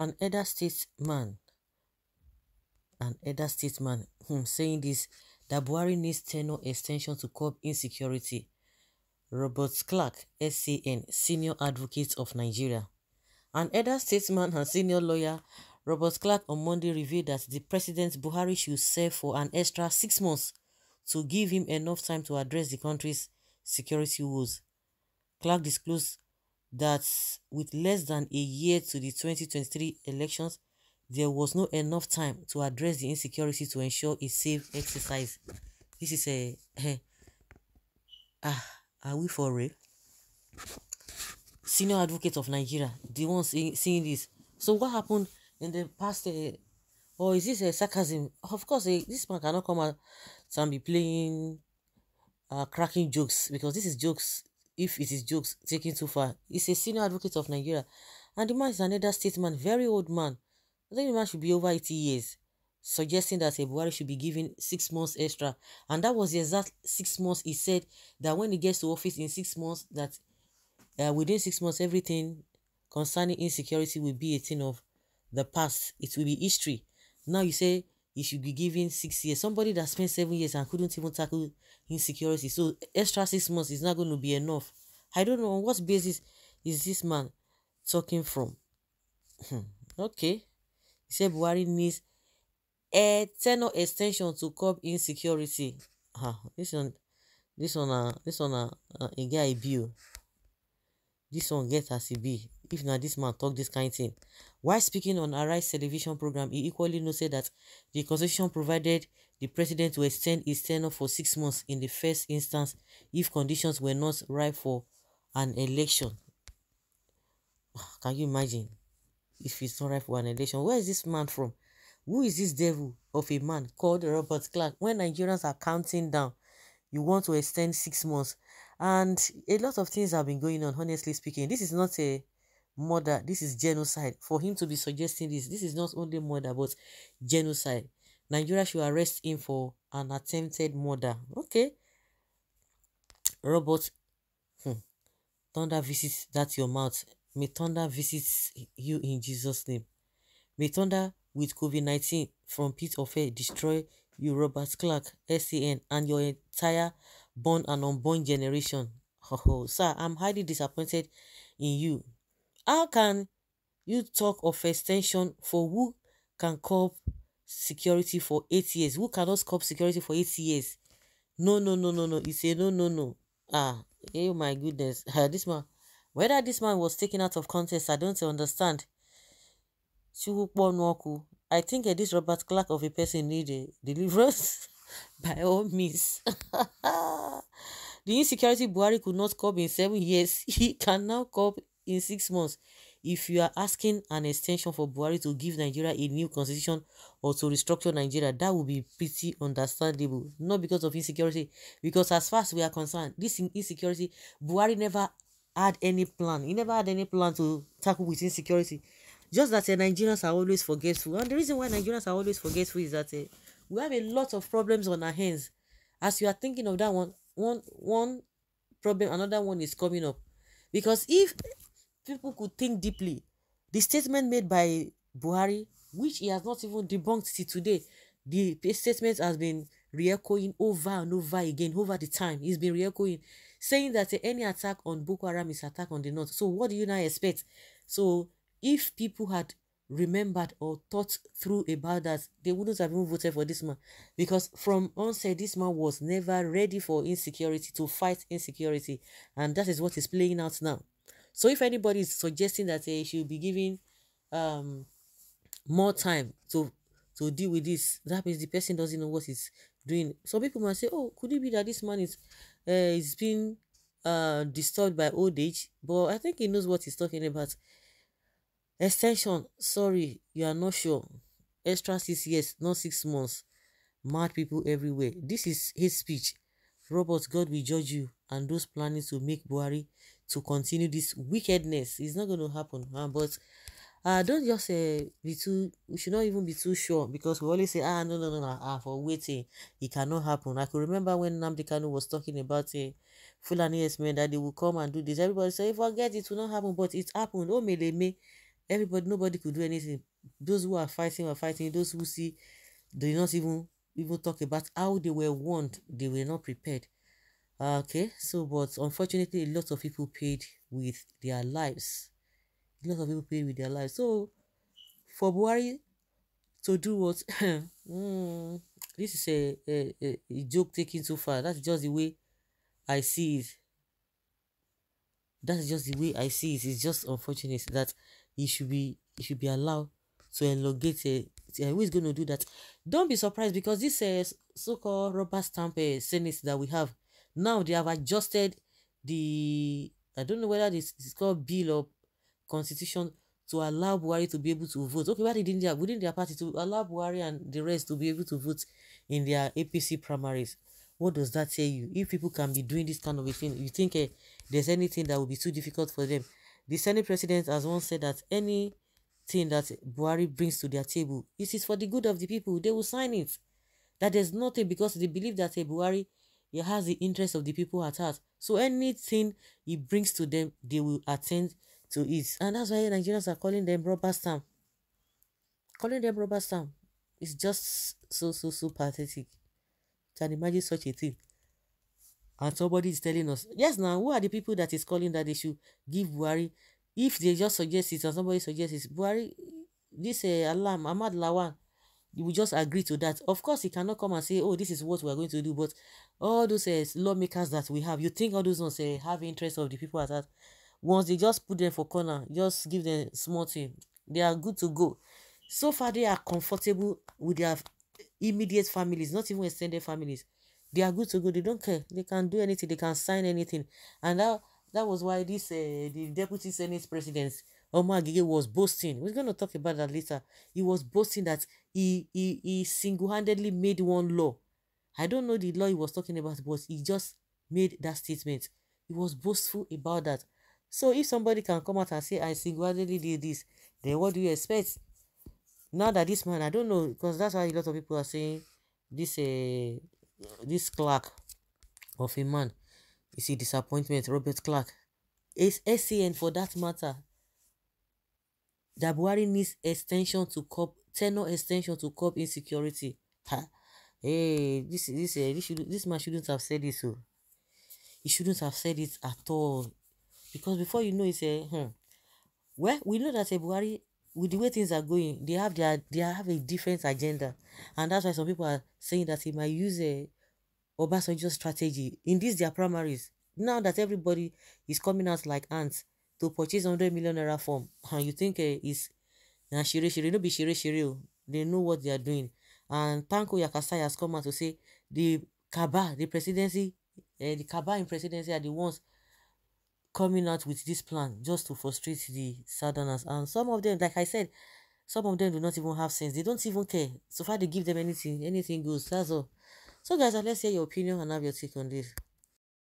An elder statesman, an elder statesman hmm, saying this, that Buhari needs tenure extension to curb insecurity. Robert Clark, SCN, Senior Advocate of Nigeria. An elder statesman and senior lawyer, Robert Clark, on Monday revealed that the President Buhari should serve for an extra six months to give him enough time to address the country's security woes. Clark disclosed that with less than a year to the 2023 elections, there was no enough time to address the insecurity to ensure a safe exercise. This is a. Eh, ah, are we for real? Senior advocate of Nigeria, the one seeing, seeing this. So, what happened in the past? Uh, or is this a sarcasm? Of course, uh, this man cannot come out and be playing uh, cracking jokes because this is jokes if it is jokes taken too far. He's a senior advocate of Nigeria, and the man is another statesman, very old man. I think the man should be over 80 years, suggesting that Ebuari should be given six months extra. And that was the exact six months he said that when he gets to office in six months, that uh, within six months, everything concerning insecurity will be a thing of the past. It will be history. Now you say you should be given six years. Somebody that spent seven years and couldn't even tackle insecurity. So extra six months is not going to be enough. I don't know on what basis is this man talking from. Hmm, okay. He said Buhari needs eternal extension to curb insecurity. Ah, this one this one uh, this one uh, uh, a guy bill. This one gets as he be if na this man talk this kind thing while speaking on arise television program he equally noted that the constitution provided the president to extend his tenure for six months in the first instance if conditions were not ripe for an election ah, can you imagine if it's not ripe for an election where is this man from who is this devil of a man called robert clark when nigerians are counting down you want to extend six months and a lot of things have been going on honestly speaking this is not a murder this is genocide for him to be suggesting this this is not only murder but genocide nigeria should arrest him for an attempted murder okay robert hmm. thunder visits that your mouth may thunder visits you in jesus name may thunder with covid-19 from pit of hell destroy you robert clark san and your entire born and unborn generation oh, sir i'm highly disappointed in you How can you talk of extension for who can curb security for eight years, who cannot curb security for eight years? No, no, no, no, no. It's say no, no, no. Ah, eh, oh my goodness. Ah, this man, whether this man was taken out of context, I don't understand. I think uh, this Robert Clark of a person need a deliverance by all means. the insecurity Buhari could not curb in seven years, he can now curb in six months. If you are asking an extension for Buhari to give Nigeria a new constitution or to restructure Nigeria, that would be pretty understandable. Not because of insecurity, because as far as we are concerned, this insecurity, Buhari never had any plan. He never had any plan to tackle with insecurity. Just that uh, Nigerians are always forgetful. And the reason why Nigerians are always forgetful is that uh, we have a lot of problems on our hands. As you are thinking of that one, one, one problem, another one is coming up. Because if people could think deeply. The statement made by Buhari, which he has not even debunked till today, the statement has been re-echoing over and over again over the time. He's been re-echoing, saying that any attack on Boko Haram is attack on the north. So what do you now expect? So if people had remembered or thought through about that, they wouldn't have even voted for this man. Because from onset, this man was never ready for insecurity, to fight insecurity. And that is what is playing out now. So if anybody is suggesting that uh, she will be given um, more time to to deal with this, that means the person doesn't know what he's doing. Some people might say, "Oh, could it be that this man is uh, eh, is being uh, disturbed by old age?" But I think he knows what he's talking about. Extension, sorry, you are not sure. Extra six years, not six months. Mad people everywhere. This is his speech. Robots. God will judge you and those planning to make Buhari to continue this wickedness. It's not going to happen. Uh, but uh, don't just uh, be too, we should not even be too sure because we always say, ah, no, no, no, no, ah, for waiting, it cannot happen. I can remember when Namdi Kanu was talking about a uh, yes man that they will come and do this. Everybody said, eh, forget it, will not happen, but it happened. Oh, me, they may. Everybody, nobody could do anything. Those who are fighting are fighting. Those who see, they not even even talk about how they were warned, they were not prepared. okay so but unfortunately a lot of people paid with their lives a lot of people paid with their lives so for buhari to do what mm, this is a, a, a joke taken too far that's just the way i see it that's just the way i see it it's just unfortunate that he should be he should be allowed to elongate who is going to do that don't be surprised because this uh, so-called rubber stamp uh, senate that we have Now they have adjusted the, I don't know whether this is called bill or constitution to allow Buhari to be able to vote. Okay, why didn't they, within their party to allow Buhari and the rest to be able to vote in their APC primaries? What does that tell you? If people can be doing this kind of a thing, you think eh, there's anything that will be too difficult for them? The Senate president has once said that anything that Buhari brings to their table, it is for the good of the people. They will sign it. That there's nothing because they believe that eh, Buhari He has the interest of the people at heart. So anything he brings to them, they will attend to it. And that's why Nigerians are calling them rubber stamp. Calling them rubber stamp is just so, so, so pathetic. Can imagine such a thing? And somebody is telling us, yes, now, who are the people that is calling that they should give Buhari? If they just suggest it and somebody suggests it, Buhari, this uh, eh, alarm, Ahmad Lawan, you will just agree to that. Of course, you cannot come and say, oh, this is what we are going to do. But all those uh, lawmakers that we have, you think all those ones uh, have interest of the people at that. Once they just put them for corner, just give them small thing. They are good to go. So far, they are comfortable with their immediate families, not even extended families. They are good to go. They don't care. They can do anything. They can sign anything. And that, that was why this uh, the deputy senate president Omagige was boasting. We're going to talk about that later. He was boasting that he, he, he single-handedly made one law. I don't know the law he was talking about, but he just made that statement. He was boastful about that. So if somebody can come out and say, I single-handedly did this, then what do you expect? Now that this man, I don't know, because that's why a lot of people are saying this uh, this clerk of a man is a disappointment, Robert Clark. It's SCN for that matter that Buhari needs extension to curb tenor extension to curb insecurity. Ha. Hey, this this uh, this should, this man shouldn't have said this. Oh. So he shouldn't have said it at all, because before you know, he say, uh, hmm. Well, we know that uh, Buhari, with the way things are going, they have their they have a different agenda, and that's why some people are saying that he might use a eh, Obasanjo strategy in these their primaries. Now that everybody is coming out like ants, to purchase hundred million naira form and you think uh, eh, is na shere shere no be shere shere o they know what they are doing and Tanko Yakasai has come out to say the Kaba the presidency uh, the Kaba in presidency are the ones coming out with this plan just to frustrate the Southerners and some of them like I said some of them do not even have sense they don't even care so far they give them anything anything goes that's all so guys uh, let's hear your opinion and have your take on this.